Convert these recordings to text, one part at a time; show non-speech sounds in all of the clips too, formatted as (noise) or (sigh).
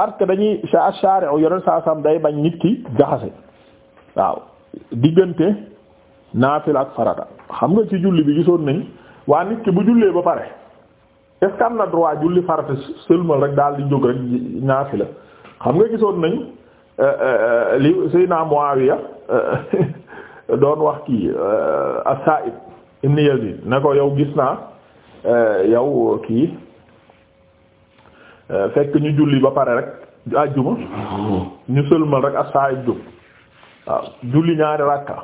parce que dañuy sa shari'u yoneen saa day bañ nit ki jaxase waaw diggante la ak farata xam nga ci julli bi gisoon nañ waa nit ki bu jullee ba pare est-ce que am na droit julli farata sëlmal rek daal di jóg rek la xam nga gisoon nañ euh, euh, euh, li Seydina Muawiya (laughs) doon wax kii as-Sa'ib ibn Yazid ne ko yow gis naa yow kii Euh, fekk ñu julli ba pare rek àjjuma (laughs) ñu sëlmal rek ak said jóg waaw julli ñaari rakka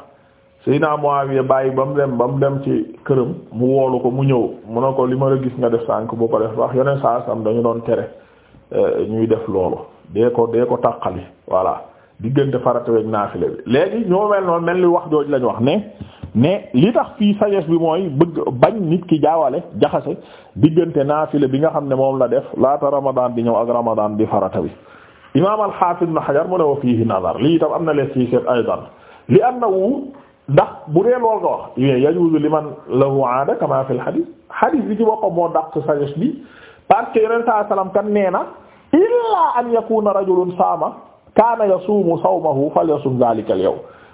Seydina Muawiya bàyyi ba mu dem ba mu dem ci këram mu woolu ko mu ñëw mu ne ko li ma la gis nga def sànk boo ko def wax yeneen saa sam dañu doon tere euh, ñuy def loolu dee ko dee ko tàqali voilà diggante farata ak naafile bi léegi ñoo mel noonu mel ni wax jooj lañu wax ne ne li tax fii sagesse bi mooy bëgg bañ nit ki jaawale jaxase diggante naafile bi nga xam ne moom la def laata ramadan di ñëw ak ramadan di farata bi imaam al-Hafiz Ibn Hajar mu ne wa fiihi nazar lii itam am na les ci seet aydan li annahu ndax bu dee lool nga wax yajuuzu liman lahu aada kama fil hadith hadith bi ci boppam moo dàq sagesse bi parce que yeneen saa salaam nee na illaa an yakuna rajulun saama kaana yasuumu sawmahu falyasum dhaalika al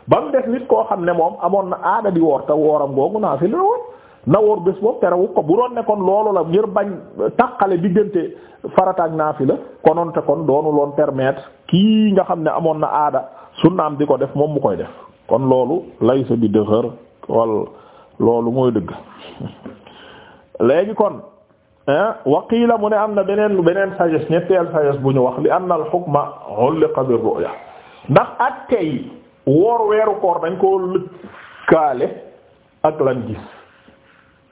ba mu des nit koo xam ne moom amoon na aada di woor te wooram googu naa fi na woor bés boobu terewu ko bu doon ne kon loolu la ngir bañ taqale diggante farata ak naafi la konoon te kon doonu loon permettre kii nga xam ne amoon na aada sunnaam di ko def moom mu koy def kon loolu lay sa bi dëxër loolu mooy dëgg (laughs) léegi kon waqiila mu ne am na beneen beneen sagesse ñetteel sagesse bu ñu wax li anna al hukma ulqa bir ru'ya ndax at tey woor weeru koor dañ koo lëkkaale ak lan gis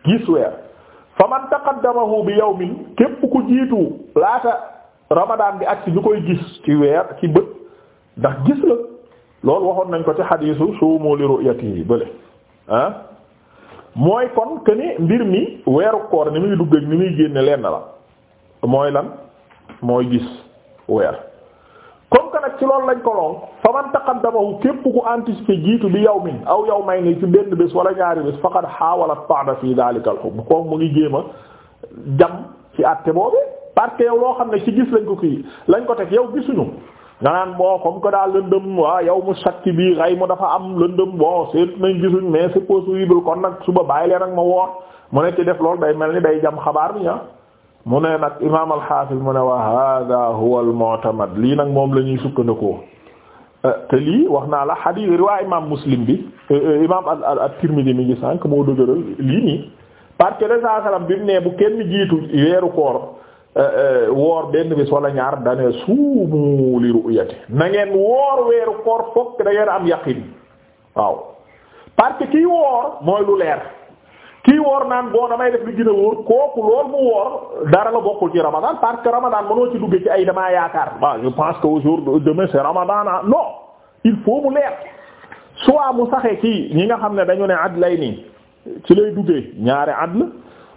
gis weer fa man taqaddamahu bi yawmin képp ku jiitu laata ramadaan bi ak ci ñu koy gis ci weer ci bët ndax gis la loolu waxoon nañ ko ci xadiisu suumu li ru'yatihi bële ah mooy kon que mbir mi weeru koor ni muy dugg ak ni muy génne lenn la mooy lan mooy gis weer ko nag ci loolu lañ ko lool fa man taqaddamahu képp ku anticipé jiitu bi yawmin aw yawmayni ci benn bés wala ñaari bés faqad haawalat ta'da fi dhalika al-hukm kooku mu ngi jéem a jam ci àtte boobu parce que yow loo xam ne ci gis lañ ko kii lañ ko teg yow gisuñu nga naan bon comme que daal lëndëm waa yow mu sakki bii xay mu dafa am lëndëm boo seet nañ gisuñ mais c'est possible kon nag suba bàyyi leen ak ma woor mu nekk ci def loolu day mel ni day jam xabaar bi ah. mu ne nag imaam al-Hafiz mu ne wa hada huwa al lii nag moom lañuy sukkandikoo euh, te lii wax naa la hadith riwaay imaam Muslim bi euh, euh, imaam at-Tirmidhi mi ngi sànq moo dëgëral lii nii parce que le salaam bi mu ne bu kenn jiitu weeru koor woor benn bis wala ñaar dane suumu li ru'yati na woor weeru koor fokk da am yaqin waaw parce que woor mooy lu leer. kii woor naan boo damay def li gën a kooku lool mu woor dara la bokkul ci ramadan parce que ramadan mënoo ci duggee ci ay damaa yaakaar waaw je pense que aujourd'hui demain c'est ramadan ah il faut mu leer soit mu saxee kii ñi nga xam ne dañu ne adl lay nii ci lay duggee ñaari adl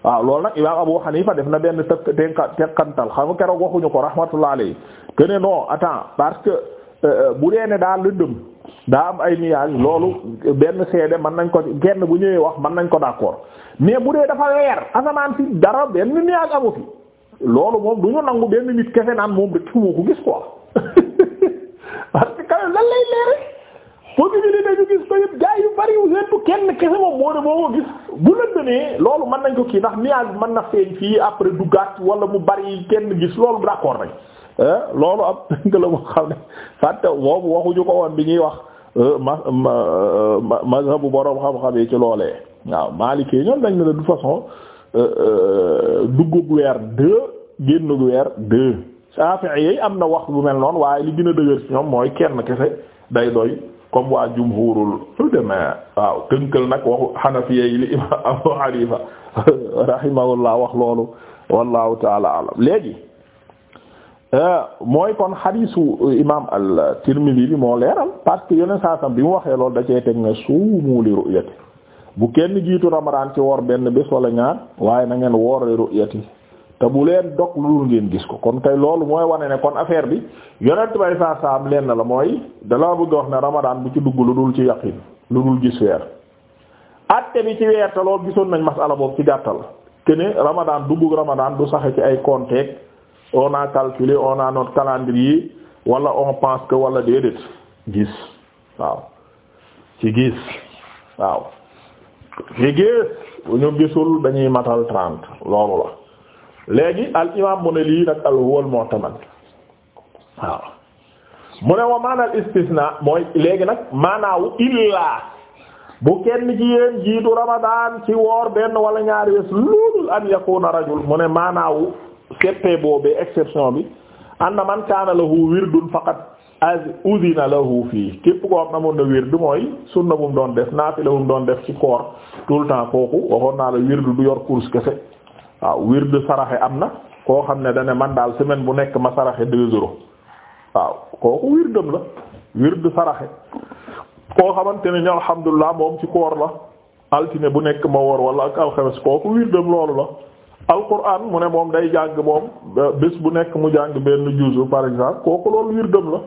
waaw loolu nag imam Abu Hanifa def na benn te tekkantal xam nga keroog waxuñu ko rahmatullah alayhi que ne non parce que euh, bu dee ne daal lëndëm daa am ay nuages loolu benn seede mën nañ ko genn bu ñëwee wax mën nañ ko d'accord mais bu dee dafa leer asamaan si dara benn nuage amu fi loolu moom du ñu nangu benn nit kefe naan moom rek moo ko gis quoi (laughs) parce que lan lay leere possibilité gis ko yëpp gaa yu bari yu lépp kenn kese moom moo ne moo ko gis bu lëndëmee loolu mën nañ ko kii ndax nuage bi mën na feeñ fii après duggaat wala mu bari kenn gis loolu d'accord nañ Eh, loolu ab tënk la boo xam ne fàtte boobu waxuñu ko woon bi ñuy wax eh, ma ma eh, mazhabu borom xam-xam ci loolee waaw Maliki ñoom dañ ne de toute façon duggug weer deux génnug weer deux Shafi'i yi am na wax bu mel noonu waaye li gën a dëgër ci ñoom mooy kenn kese day doy comme waa jumhurul ulama waaw tënkal nag waxu Hanafiyya yi li imam Abu Hanifa (laughs) rahimahullah wax loolu wallahu ta'ala alam léegi. Euh, mooy kon xadiisu imaam al-Tirmidhi bi moo leeral parce que yeneen saa bi mu waxee loolu da cee teg ne suumu ru'yati bu kenn jiitu ramadaan ci wor benn bés wala ñaar waaye na ngeen woor ru'yati te bu leen dog lu dul ngeen gis ko kon kay loolu mooy wane ne kon affaire bi yonent bay saa saam la mooy dalaa bëgg wax ne ramadaan bu ci dugg lu dul ci yaqin lu dul gis weer atte bi ci weer te loolu gisoon nañ masala boobu ci gàttal kene ramadaan dugg ramadaan du saxe ci ay konteek on a calculé on a notre calendrier wala on pense que déedéet gis waaw ci gis waaw ci gis bu ñu gisul dañuy matal trente loolu la léegi al imam mu ne lii nag al huwal mu'tamad waaw mu ne wa maanaal istisna mooy léegi nag maanaawu illaa bu kenn ci yéen jiitu ramadaan ci woor benn wala ñaari wés loolul an yakuna rajul mu ne maanaawu keppee boobee exception bi anna man kaana lahu wirdun faqat az udina lahu fii képp ko am na moon na wird mooy sunna bu mu doon def naafila bu mu doon def ci koor tout le temps kooku waxoon naa la wird du yor course kese waaw wird saraxe am na koo xam ne dana man daal semaine bu nekk ma saraxe deux euros waaw kooku wirdam la wird saraxe koo xamante ne ñu alhamdulilah moom ci koor la altine bu nekk ma wor wala ak alxames kooku wirdam la alquran mu ne moom day jàng moom bés bu nekk mu jàng benn juzu par exemple kooku loolu wirdam la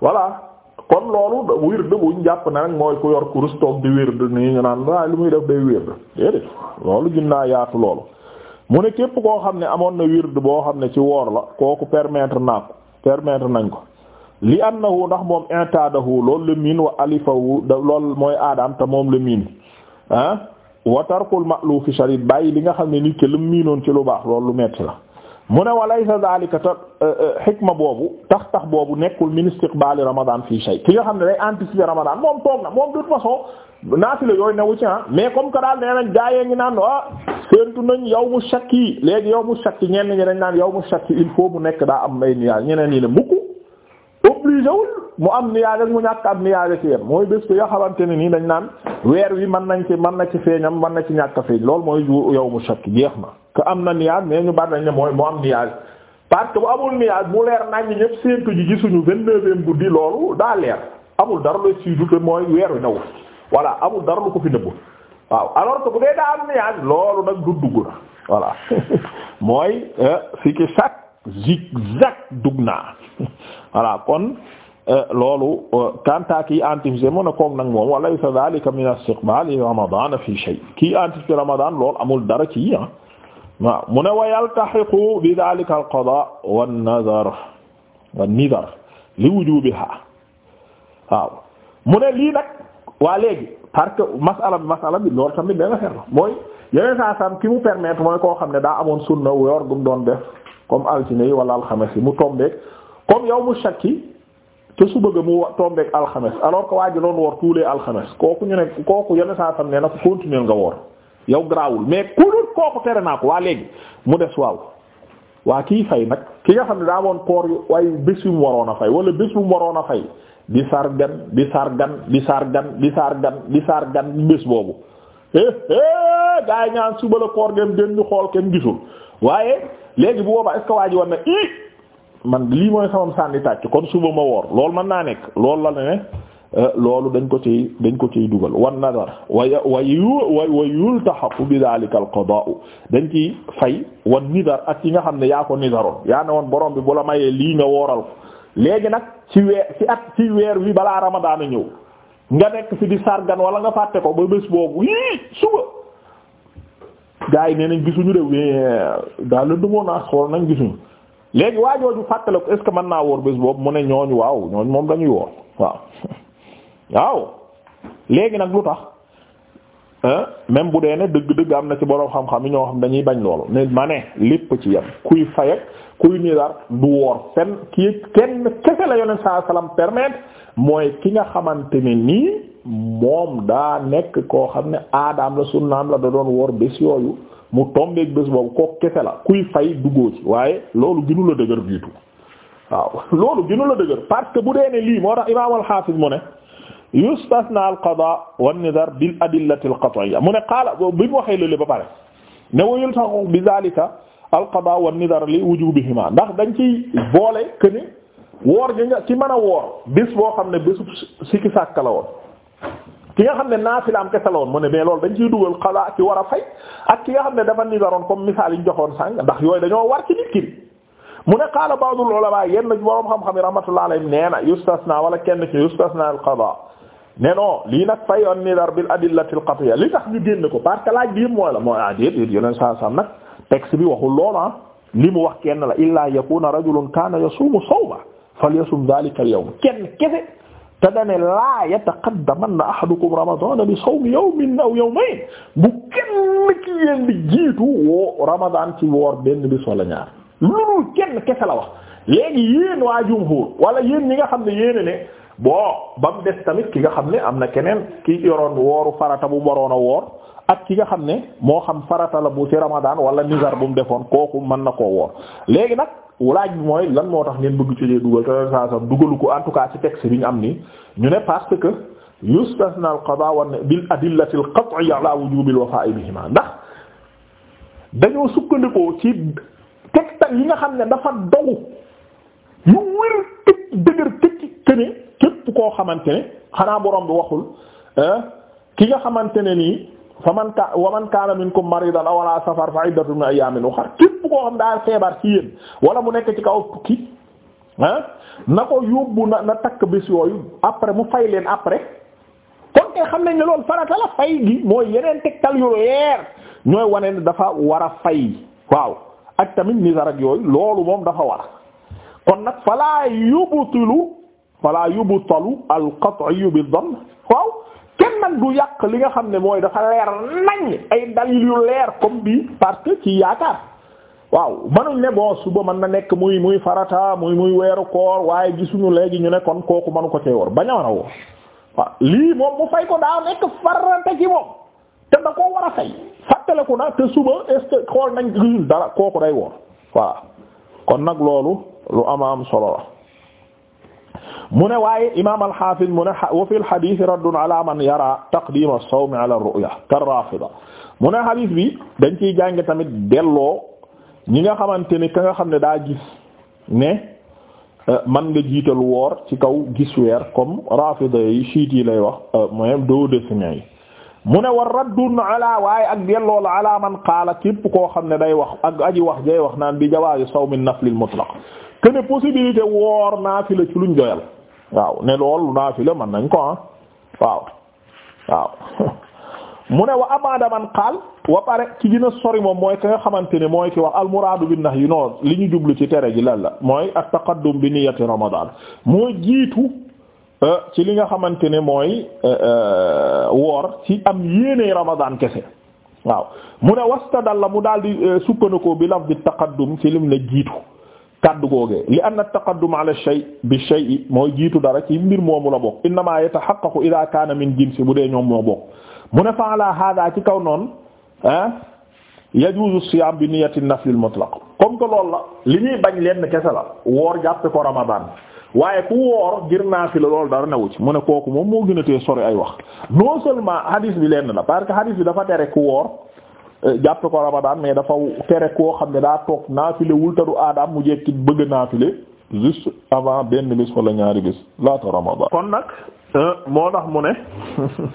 voilà kon loolu wird buñ jàpp ne rek mooy ku yor kurus toog di wird nii ñu naan waaye lu muy def day wird déedéet loolu ginnaa yaatu loolu mu ne képp koo xam ne amoon na wird boo xam ne ci woor la kooku permettre naa ko permettre nañ ko li annahu ndax moom intaadahu loolu la miin wa alifahu da loolu mooy aadaam te moom la miin ah wa lu ma'lufi sharid bàyyi li nga xam ne nit ki lu miinoon ci lu baax loolu lu metti la mu ne walaysa daalika ta xikma euh, euh, boobu tax tax boobu nekkul min istiqbaali ramadan fii shay ki nga xam ne day anticiper ramadan moom toog na moom de toute façon naafila yooyu newu ci ah mais comme que daal nee nañ gaayee ngi naan ah séentu nañ yawmu shakki léegi yawmu shakki ñenn ñi dañ naan yawmu shakki il faut mu nekk daa am ay nuages ñeneen ñi ne mukk obligé mu am niyaage mu ñàkk am niyaage ci yem mooy bés bi nga xamante ne nii dañ naan weer wi mën nañ ci man na ci feeñam man na ci ñàkk a feeñ loolu mooy yow mu shakk jeex na que am na niyaage mais ñu bari nañ ne mooy mu am niyaage parce que bu amul niyaage mu leer nañ ñëpp séentu ji gisuñu vingt-neuvième guddi loolu daa leer amul dara lu ci dute mooy weer wi naw voilà amul dara lu ko fi nëbb waaw alors que bu dee daa am niyaage loolu nag du dugg na voilà (laughs) mooy euh, si ki chaque zig dugg naa (laughs) loolu kanta kii anticipé mu ne koog nag moom wa laysa dhalika min istiqbali ramadan fi shay kii anticipé ramadan lool amul dara ci ah waaw mu ne wa yaltahiqu bi lii nag waa léegi parce que masala bi masala bi loolu tamit benn affaire mooy yeneen saa ki mu permettre mooy koo xam ne daa amoon sunna woor gum doon def comme altine yi wala alxames yi mu tombeeg comme yow mu shakki te su bëgg mu tombeek alxames alors que waa ji doon woor tous les alxames kooku ñu ne kooku yenn saa sam ne na ko continuer nga woor yow grawul mais kooku tere naa ko waa léegi mu des waaw waa kii fay nag ki xam daa woon koor yu waaye bés yu mu waroon a fay wala bés yu mu waroon a fay di sargan di gan di sargan di sargan di sargan bés boobu gaa yi ñaan suba la koor gem den ñu xool kenn gisul waaye léegi bu boobaa est-ce waa ji war na i man lii mooy samam sànni tàcc kon suba ma woor loolu mën naa nekk loolu la ne eh, loolu dañ ko ciy dañ ko ciy dugal wan nadar wa wa wa yultaxaqu bi dhalika al qadaa dañ ciy fay wan nidar ak yi nga xam ne yaa ko nidaroon yaa ne woon borom bi bu la mayee lii nga wooral ko léegi nag ci weer ci at ci weer wi balaa ramadaana ñëw nga nekk fi di sargan wala nga fàtte ko ba bés boobu yii suba gaa yi nee nañ gisuñu de daa lëndëmoon naa xool nañ gisuñu léegi waa jooju fàttale ko est ce que mën naa woor bés boobu mu ne ñooñu waaw ñooñu moom dañuy woor waaw (laughs) waaw léegi nag lu tax même bu dee ne dëgg-dëgg am na ci borom xam-xam yi ñoo xam dañuy bañ loolu ne ma ne lépp ci yam kuy fayag kuy nidar du woor fenn kii kenn kese la yoneen saa salaam permettre mooy ki nga xamante ne nii. moom daa nekk koo xam ne aadaam la sunnaam la da doon woor bés yooyu mu tombeeg bés boobu koo kese la kuy fay duggoo ci waaye loolu gënu la dëgër biitu waaw (laughs) loolu gënu la dëgër parce que bu dee ne lii moo tax imaam al-Hafiz mu ne yustasna al-qadaa wan-nizar bil adillati al-qat'iyya mu ne qaala bi mu waxee lële ba pare ne wa yultaxu bi zaalika al-qadaa wan-nizar li wujubihimaa ndax dañ ci boole que ne woor gi nga ci mën a woor bés boo xam ne bésu sikki sàkk la woon. ki nga xam ne naafilaam kese la woon mu ne mais loolu dañ ciy dugal xalaa ci war a fay ak ki nga xam ne dafa nizaroon comme misaal yi ñu joxoon sànq ndax yooy dañoo war ci nit ki mu ne qaala ba'dul ulamaa yenn boroom xam-xam yi rahmatullahi alayhim nee na wala kenn ci yustasna al qadaa ne non lii nag fay an nizar bil adillati al qat'iyya li tax ñu génn ko parce que laaj bi mooy la mooy ah déedéet yeneen saa saam nag bi waxul loolu ah li mu wax kenn la illaa yakuna rajulun kaana yasuumu sawma falyasum dhaalika al yawm kenn kese te dane laa yataqaddamanna ahadukum ramadana bi sawmi yawmin aw yawmayn bu kenn ki yéen di jiitu woo ramadan ci woor benn bis wala ñaar loolu kenn kese la wax léegi yéen waa jumhur wala yéen ñi nga xam ne yéen ne bon ba mu des tamit ki nga xam ne am na keneen ki yoroon wooru farata bu waroon a woor ak ki nga xam ne moo xam farata la bu ci ramadan wala nizar bu mu defoon kooku mën na koo woor léegi nag laaj bi mooy lan moo tax ngeen bëgg ci dugal te saa sam dugalu ko en tout cas ci texte bi ñu am nii ñu ne parce que yustasna al qada wa bil adillati al qat'iyya ala wujubil wafa'i bihima ndax dañoo sukkandikoo ci tegtal yi nga xam ne dafa dogu yu wér tëj dëgër tëj këne képp koo xamante ne xanaa borom bi waxul eh, ki nga xamante ne nii fa man ka wa man kaana minkum maridan aw ala safar fa iddatun min ayyamin ukhar képp koo xam daa feebar ci yéen wala mu nekk ci kaw tukki ah na ko yóbbu na na takk bés yooyu après mu fay leen après kon kay xam nañ ne loolu farata la fay gi mooy yeneen tegtal yu leer ñooy wane ne dafa war a fay waaw ak tamit nizar ak yooyu loolu moom dafa war kon nag falaa yubtilu falaa yubtalu al qat'u bil dhamm waaw kenn nag du yàq li nga xam ne mooy dafa leer nañ ay dalil yu leer comme bi parce ci yaakaar waaw manuñ ne bon suba mën na nekk muy muy farata muy muy weeru koor waaye gisuñu léegi ñu ne kon kooku manu ko cee woor bañ a war a woor waaw lii moom mu fay ko daa nekk farata ci moom te da koo war a fay fàttaleku na te suba est ce xool nañ gisuñ dara kooku day woor waa kon nag loolu lu ama am solo la mu ne waaye imaam al-Hafiz mu ne wa fil hadith raddun ala man yara taqdim as-sawm ala ar-ru'ya kar-rafida mu ne hadith bi dañ ciy jànge tamit delloo ñi nga xamante ni ka nga xam ne daa gis ne euh, man nga jiital woor ci kaw gis weer comme rafida yi chiites yi lay wax euh, mooy doo décimé yi mu ne war raddun ala waaye ak delloo la ala man qaala képp koo xam ne day wax ak aji wax jay wax naan bi jawaazi sawmi naflil mutlaq que ne possibilité woor naafila ci luñ joyal waaw ne loolu naa naafila man nañ ko ah waaw waaw (laughs) mu ne wa abada man qaal wa pare ci gën a sori moom mooy ka nga xamante ne mooy ki wax almuraadu bi nax yi noonu li ñu jublu ci tere ji lan la mooy at taqaddum bi niyyati ramadan mooy jiitu euh, ci li nga xamante ne mooy euh, euh, woor ci am yéene ramadan kese waaw mu ne la mu daal di sukkandikoo bi laf di taqaddum ci lim ne jiitu kaddu googee li anna taqaddum ala shay bi shay mooy jiitu dara ci mbir moomu la bokk innama yatahaqqaqu idha kaana min jinsi bu dee ñoom moo bokk mu ne fa ala hada ci kaw noonu ah yajuzu siyam bi niyyati nafl al mutlaq comme que loolu la li ñuy bañ leen kese la woor jàppe ko ramadan waaye ku woor ngir naafila loolu dara newu ci mu ne kooku moom moo gën a ay wax non seulement bi lenn la parce que hadis bi dafa tere ku woor Euh, jàpp ko Ramadan mais dafa tere koo xam ne daa toog naafile wul te du aadaam mu jekki bëgg naafile juste avant benn bis wala ñaari bis laata Ramadan. kon nag euh, moo tax mu ne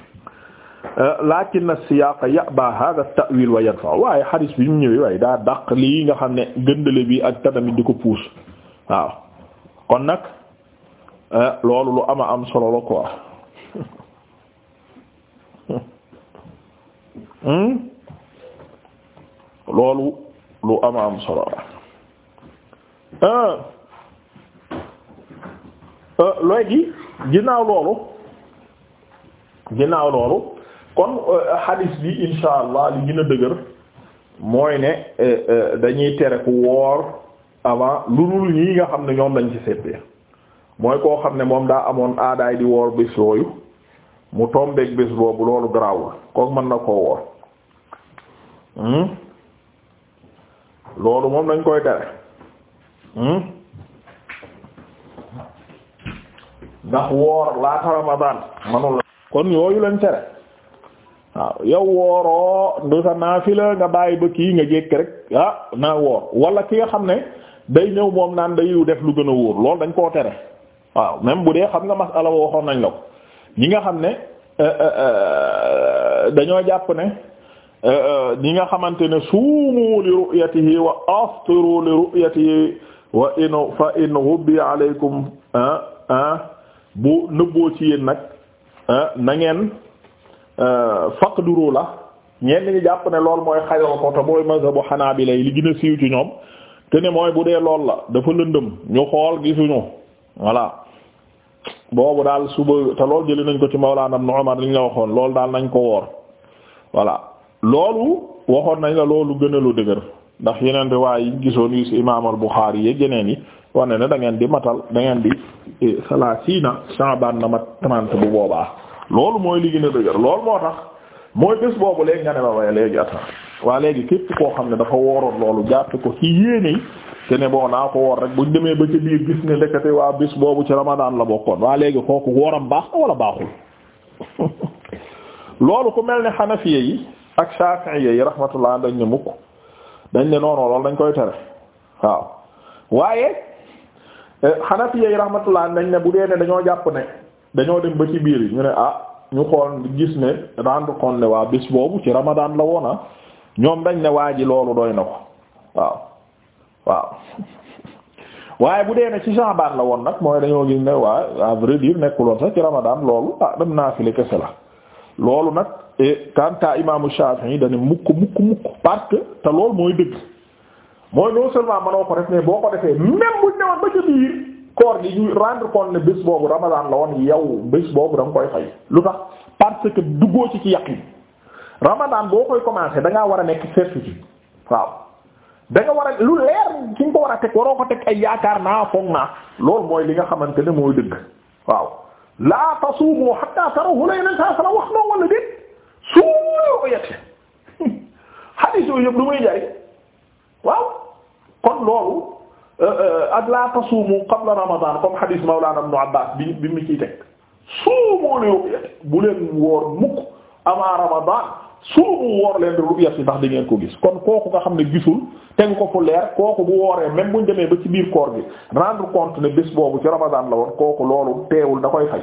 (laughs) euh, lakin na siyaq ya'ba hadha at-ta'wil wa yadfa waaye hadith bi ñu ñëwee waaye daa dàq lii nga xam ne gëndale bi ak tamit di ko puus waaw kon nag loolu lu ama am solo la quoi. (laughs) Hmm? loolu lu ama am solo la ah. Ah, léegi ginnaaw loolu ginnaaw loolu kon ah, hadis bi insha allah li gën dëgër mooy ne eh, eh, dañuy tere ku woor avant lu dul ñii nga xam ne ñoom lañ ci seetee mooy koo xam ne moom daa amoon aadaay di woor bés yooyu mu tombeek bés boobu loolu garaawul kooku mën na koo woor hmm? loolu moom dañ koy tere hmm? ndax woor laata Ramadan manula kon yooyu lañ tere waaw yow wooroo du sa naafila nga bàyyi ba kii nga jékk rek ah naa woor wala ki nga xam ne day ñëw moom naan day def lu gën a wóor loolu dañ koo tere waaw même bu dee xam nga masala waxoon nañ la ko ñi nga xam ne eh, eh, eh, dañoo jàpp ne ñi nga xamante ne suumu li ru'yatihi wa aftiru li ru'yatihi wa in fa in ghubbi alaykum ah, ah, bu nëbboo ci yéen nag ah, na ngeen faqduru la ñenn ñi jàpp ne lool mooy xayoo ko te mooy mazhabu hanabila li gën a siiw ci ñoom te ne mooy bu dee lool la dafa lëndëm ñu xool gisuñu voilà boobu daal suba te lool jëli nañ ko ci Mawlana Ibn Umar li ñu la waxoon loolu daal nañ ko woor voilà loolu waxoon nañ la loolu gën lu dëgër ndax yeneen riwaay yi gisoon yi ci imaam al-Bukhari yi yeneen yi wane ne da ngeen di matal da ngeen di e, salaasiina Sha'baan na mat trente bu boobaa loolu mooy li gën a dëgër loolu moo tax mooy bés boobu léegi nga ne ma waaye léegi atta waa léegi képp koo xam ne dafa wooroon loolu jàpp ko ci yéene te ne bon naa ko woor rek buñ demee ba ca biir gis ne ndekete waa bis boobu ci Ramadan la bokkoon waa léegi kooku wooram baax wala baaxul (laughs) yi ak Shafi'i yi rahmatullah dañ ne mukk dañ ne noonu loolu dañ koy tere waaw waaye eh, Hanafi yi rahmatullah dañ ne bu dee ne dañoo jàpp ne dañoo dem ba ci biir yi ñu ne ah ñu xool gis ne rendre compte ne waa bés boobu ci Ramadan la woona ah, ñoom dañ ne waa ji loolu doy na ko waaw waaw (laughs) waaye bu dee ne ci Sha'ban la woon nag mooy dañoo gis ne waa à vrai dire nekkuloon sax ci Ramadan loolu ah dem naa fi kese la loolu nag kanta imaamu Shafi'i dane mukk mukk mukk parce que te loolu mooy dëgg mooy non seulement manoo ko def mais boo ko defee même bu ñëwoon ba ci biir koor gi ñu rendre compte ne bés boobu ramadan la woon yow bés boobu da nga koy fay lu tax parce que duggoo ci ci yaqin ramadan boo koy commencer da ngaa war a nekk certitude waaw danga war a lu leer ci nga ko war a teg waroo ko teg ay yaakaar naa foog naa lool mooy li nga xamante ne mooy dëgg waaw laa tasuumu hatta ko yette xadiis yooyu yëpp lu muy jari waaw kon loolu euh, euh, ak laa tasuumu qabla ramadan comme xadiis mawlana ibn abbas bi bi mu ciy teg suumoo ne yow bu leen woor mukk avant ramadan suumu woor leen di ruyat ndax di ngeen ko gis kon kooku nga xam ne gisul tegu ko fu leer kooku bu wooree même buñ demee ba ci biir koor gi rendre compte ne bés boobu ci ramadan la woon kooku loolu teewul da koy fay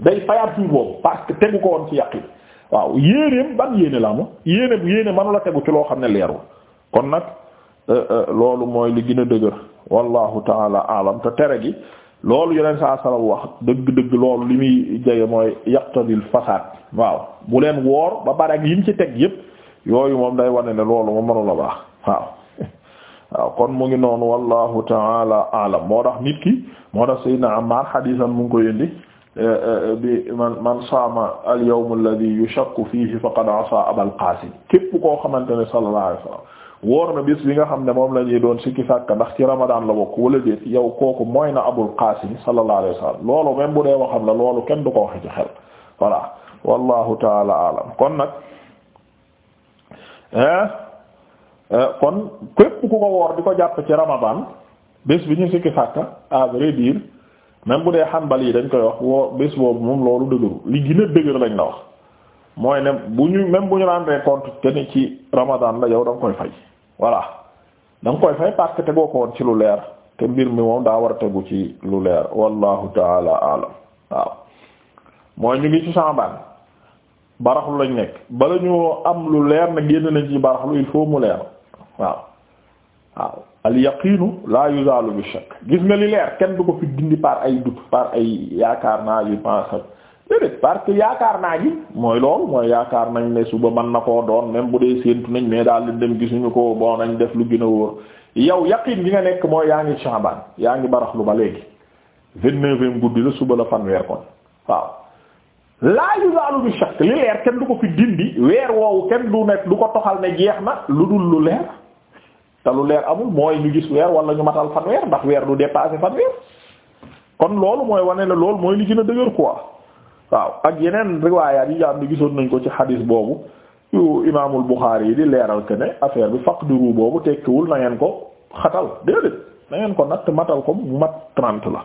day fayaat suuf boobu parce que tegu ko woon ci yàq yi waaw yéeneem ban yéene la moom yéene bu yéene manu la tegu ci loo xam ne leerul kon nag euh, euh, loolu mooy li gën a dëgër wallahu taala alam te tere gi loolu yeneen saa sala wax dëgg-dëgg loolu li muy jege mooy yaqtadil fasaad waaw bu leen woor ba pare ak yi ci teg yépp yooyu moom day wane ne loolu moom mënula baax waaw (laughs) waaw kon mu ngi noonu wallahu taala alam moo tax nit ki moo tax Seydina Ammar xadiisam mu ngi ko yëndi Eh, eh, eh, bi man man saama al yawm alladhi yushaqqu fihi faqad asa abal qaasim képp koo xamante ne sallallahu alayhi wasallam woor na bis bi nga xam ne moom la ñuy doon sikki sàkk ndax ci ramadan la bokk wala déet yow kooku mooy na abul qaasim sallallahu alayhi wasallam loolu même bu dee waxam la loolu kenn du ko waxe ci xel voilà wallahu taala alam kon nag kon képp ku ko woor di ko jàpp ci ramadan bés bi ñu sikki sàkk à vrai même bu dee xanbal yi dañ koy wax woo bés boobu moom loolu dëgëru li gën a dëgër lañu la wax mooy ne bu ñu même bu ñu rendre compte que ni ci ramadan la yow da koy fay voilà da nga koy fay parce tegoo ko woon ci lu leer te mbir mi moom daa war a tegu ci lu leer wallahu taala alam waaw mooy ñu ngi ci Sha'ban baraxlu lañ nekk bala ñu am lu leer na génn nañ ci baraxlu il faut mu leer waaw waaw al yaqinu la yuzalu bi shakk gis nga li leer kenn du ko fi dindi par ay doute par ay yaakaar naa yu pense ak déedéet parce que yaakaar naa gi mooy loolu mooy yaakaar nañ ne suba man na ko doon même bu dee séentu nañ mais daal di dem gisuñu ko bon nañ def lu gën a wóor yow yaqin gi nga nekk mooy yaa ngi Shaaban yaa ngi baraxlu ba léegi vingt-neuvième guddi la suba la fanweer kon waaw laa yuzaalu bi shakk li leer kenn du ko fi dindi weer woowu kenn du nekk du ko toxal ne jeex na lu lu leer te lu leer amul mooy ñu gis weer wala ñu matal weer ndax weer du dépasser fanweer kon loolu mooy wane la loolu mooy li gën a dëgër quoi waaw ak yeneen riwaayaat yi jaam bi gisoon nañ ko ci xadiis boobu yu imaamul Buxaari yi di leeral que ne affaire bi faqdiru boobu tekkiwul nangeen ko xatal déedéet na ko natt matal ko mu mat trente la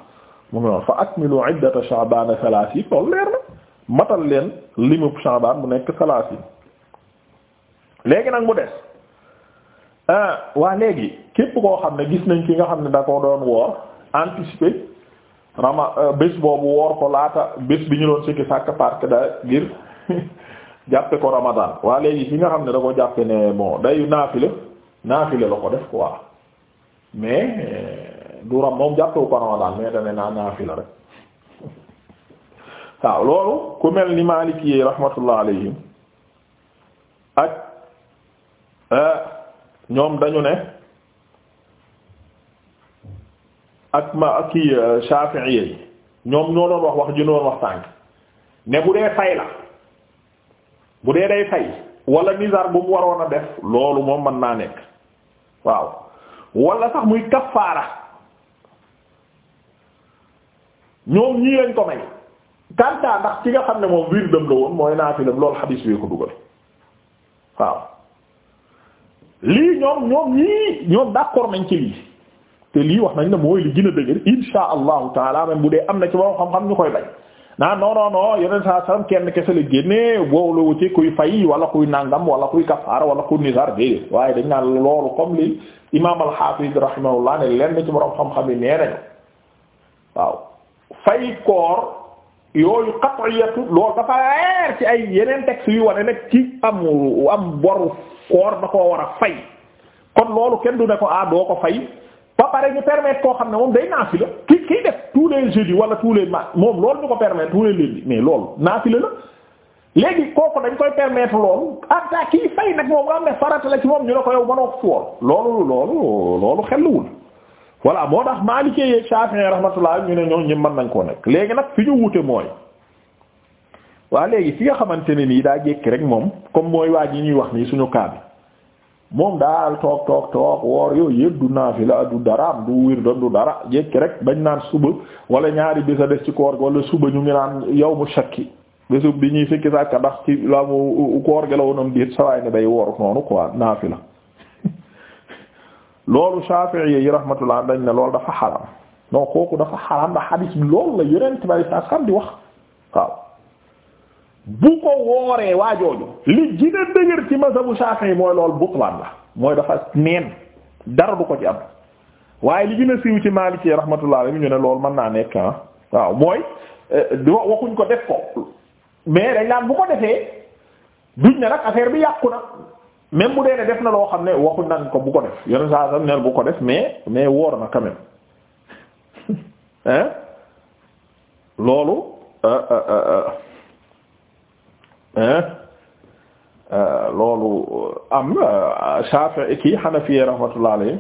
mu ngi noonu fa akmilu iddata Sha'bana salaasiin loolu leer na matal leen limu Sha'ban bu nekk salaasiin léegi nag Euh, waa léegi képp koo xam ne gis nañ ki nga xam ne da ko doon woor anticiper rama euh, bés boobu woor ko laata bés bi ñu doon sikki sàkk parce que da ngir (laughs) jàppe ko ramadan waa léegi ki nga xam ne da ko jàppe ne bon day naafile naafile la ko def quoi mais euh, du ram moom jàppewu ko ramadan mais dane naa naafila rek (laughs) waaw loolu ku mel ni Maliki yi rahmatullah alayhim ak ñoom dañu ne ak ma ak kii euh, Shafi'i yi ñoom ñoo doon wax wax ju wax tànk ne bu dee fay la bu dee day fay wala nizar bu mu waroon a def loolu moom mën naa nekk waaw wala sax muy kafaara ñoom ñii lañ ko may kanta ndax ci nga xam ne moom wiir dëm la woon mooy naafilam loolu xadiis bi ko dugal waaw lii ñoom ñoom ñii ñoom d'accord nañ ci lii te lii wax nañ la mooy li gën a dëgër insha allahu taala même bu dee am na ci borom xam-xam ñu koy bañ naa non non non yeneen saa salaam kenn kese la génne boobu la wute kuy fay wala kuy nangam wala kuy kafaara wala kuy nizar déedéet waaye dañ naan loolu comme li imaam al-Hafiz rahimahullah lenn ci borom xam-xam yi nee nañu waaw fay koor yooyu qat'iyatu loolu dafa leer ci ay yeneen textes yu wane nag am am koor da koo war a fay kon loolu kenn du ne ko ah doo ko fay ba pare ñu permettre koo xam ne moom day naafila ki kiy def tous les jeudis wala tous les ma moom loolu ñu ko permettre tous les lundis mais loolu naafila la léegi kooku dañ koy permettre loolu ata kii fay nag moom nga xam ne farata la ci moom ñu ne ko yow mënoo ko fi woon loolu loolu loolu xelluwul voilà moo tax Maalikee yeeg Shafi'i rahmatullah ñu ne ñoo ñi mën nañ koo nekk léegi nag fi ñu wute mooy waa léegi fi nga xamante ne nii daa jékki rek moom comme mooy waa ji ñuy wax nii suñu kaa moom daal toog toog toog woor yooyu yëpp du naafila du daraam du wir do du dara jékki rek dañ naan suba wala ñaari bés a des ci koor gi wala suba ñu ngi naan yow mu shakki bésu bi ñuy fekki sàkka ndax ci la mu koor gi la woonam diir sawaay nga day woor noonu quoi naafila (laughs) loolu Shafi'i yi rahmatullah dañ ne lool dafa xaram non kooku dafa xaram ndax hadis yeneen tubaab yi sax di wax bu ko wooree waa jooju li gina dëgër ci mazhabu Shafi'i mooy lool butlan la mooy dafa neen dara du ko ci am waaye li gën a siiw ci Maliki rahmatullah alayhi ñu ne loolu mën naa nekk ah waaw mooy eh, waxuñ ko def ko mais dañ bu ko defee duñ ne nag affaire bi yàqu na même bu dee ne def na loo xam ne waxuñ nañ ko bu ko def yenn saa sax neen bu ko def mais mais woor na quand même (laughs) loolu. Euh, euh, euh, Euh, loolu euh, am euh, Shafi'i kii Hanafi rahmatullah alayhi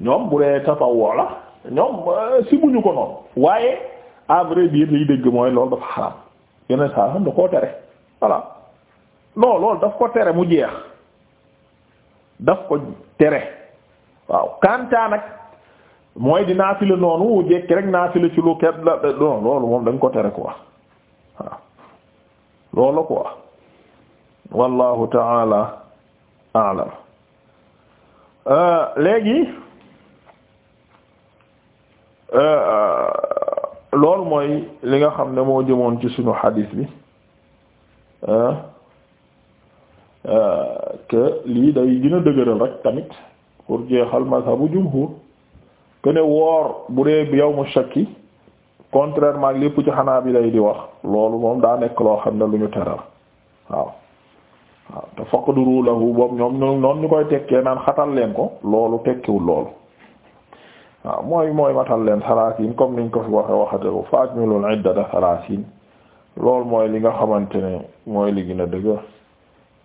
ñoom bu dee tatawwu la ñoom si buñu ko noonu waaye à vrai dire liy dégg mooy loolu dafa xaraam yeneen saa xam koo tere voilà non loolu daf ko tere mu jeex daf ko tere waaw kantaa nag mooy di naafila noonu jekki rek naafila ci lu ket loolu moom dañ ko tere quoi wax loolu la quoi wallahu taala a'lam euh, léegi euh, euh, loolu mooy li nga xam ne moo jëmoon ci suñu xadiis bi que lii day gën a dëgëral rek tamit pour jeexal mazhabu jumhur que ne woor bu dee yawmu shakki contrairement ak lépp ci xanaa bi lay di wax loolu moom daa nekk loo xam ne lu ñu teral waaw waaw te faqduru lahu boobu ñoom ñoom ñu koy tekkee naan xatal leen ko loolu tekkiwul loolu waaw mooy mooy matal leen salaasiin comme niñ ko fi waxe waxatewu fa ajmilul iddata salaasiin loolu mooy li nga xamante ne mooy li gën a dëgg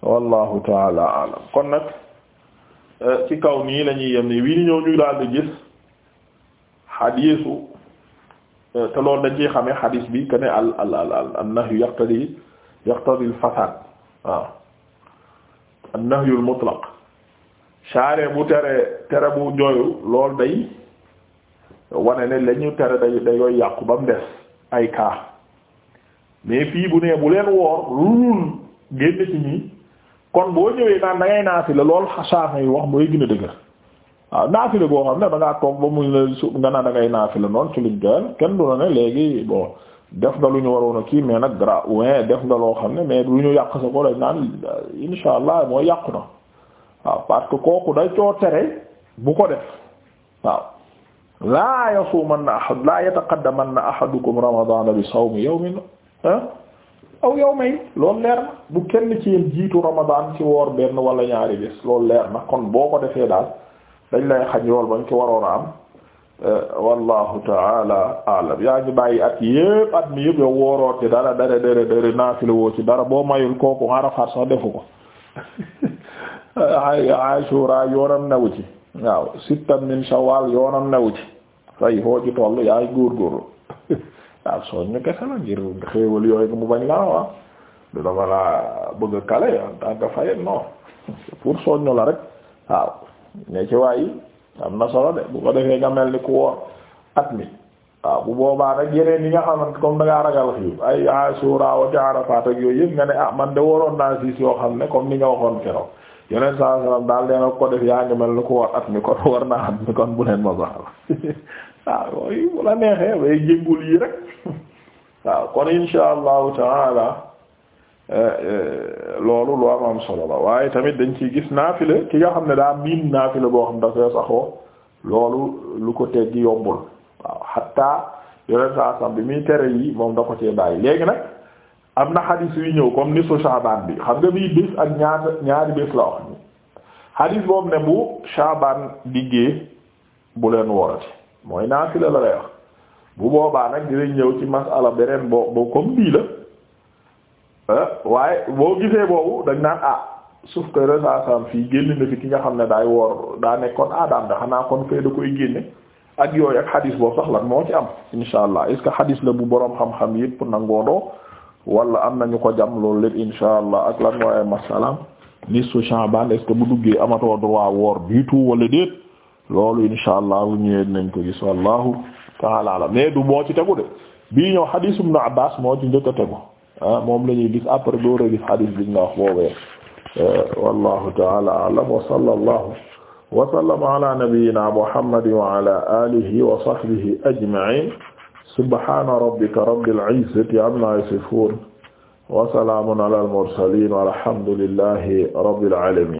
wallahu taala alam kon nag eh, ci kaw nii lañuy yem nii wii ñëw ñu daal gis xadiisu Euh, te loolu dañ ciy xamee xadiis bi que ne al al al al annahyu yaqtadi yaqtadi al fasaad waaw annahyu al mutlaq share bu tere tere bu jooyu lool day wane ne lañu tere day day dayoy yàqu ba mu des ay kaa mais fii bu nee bu leen woor lulul génn ci ñi kon boo ñëwee naan da ngay naa fi la lool xasaafa yi wax mooy gën a dëgër waaw naafila boo xam ne da ngaa toog ba mu ne su nga naan da ngay naafila noonu ci luñ doyal kenn du la ne léegi bon def nga lu ñu waroon a kii mais nag gra ouin def nga loo xam ne mais lu ñu yàq sa ko dañ naan insha allah mooy yàqu na waaw parce que kooku day coo tere bu ko def waaw laa yasuumanna ahad laa yataqaddamanna ahadukum ramadana bi sawmi yawmin ah, aw yawmayn loolu leer na bu kenn ci yéen jiitu ramadan ci woor benn wala ñaari bés loolu leer na boo ko defee daal dañ lay xañ ba bañ ko waroon am eh, wallahu taala alam yaa ngi bàyyi at yépp at mi yépp yow wooroot ci dara dara dara dara naafila woo ci dara boo mayul kooku Arafat sax defu ko (laughs) ay Ashura yoonam newu ci waaw sittan min Shawwal yoonam newu ci fay foo ci toll yaay góorgóorlu (laughs) waaw sooñ kese la ngir xéewal yooyu mu bañ laa waa du laa bëgg a kale en tant que fayet non (laughs) pour sooñ la rek waaw ne ci waayi am na solo de bu ko defee nga mel ni ku woor at mi waaw bu boobaa nag yeneen yi nga xam comme da ngaa ragal xiif ay Ashura wa Arafat ak yooyu yëpp nga ne ah man de waroon naa siis yoo xam ne comme ni nga waxoon keroog yeneen saa salaam daal dina ko kon bu leen ma soxal (laughs) yooyu bu la neexee way jéggul (laughs) Euh, euh, loolu lu am am solo la waaye tamit dañ ciy gis naafila ki nga xam ne daa miin naafila boo xam dafa saxoo loolu lu ko teggi yombul waaw xatta yoneen sa asam bi muy tere yi moom da ko cee bàyyi léegi nag am na xadis yu ñëw comme ni su Shaabaan bi xam nga bii bés ak ñaar ñaari bés la wax ni xadis boobu ne bu Shaabaan diggee bu leen worati mooy naafila la lay bu boobaa nag dinañ ñëw ci masala beneen boo comme bii la Euh, waaye boo gisee boobu dañ naan ah suuf que resasam fii génn na fi ki nga xam ne daay woor daa nekkoon adam da xanaa kon fee da koy génne ak yooyu ak xadis boobu sax lan moo ci am insha allah est-ce la bu boroom xam-xam yépp wala am nañu ko jam loolu lépp ak lan mooy masalam nisu Sha'ban est-ce bu duggee amatoo droit woor du tout wala déet loolu insha allah bu ñëwee dinañ ko gis wallahu ta'ala mais du boo ci tegu de bii ñëw xadisu Ibn Abbas moo ci njëkk a tegu Ah, moom la ñuy gis après door a gis hadith bi ñu la wax boobee eh, wallahu ta'ala a'lam wa sallallahu wa sallama ala nabiyyina muhammadin wa ala alihi wa sahbihi ajma'in subhana rabbika rabbil izzati amma yasifun wa salamun ala al mursalin walhamdulillahi rabbil alamin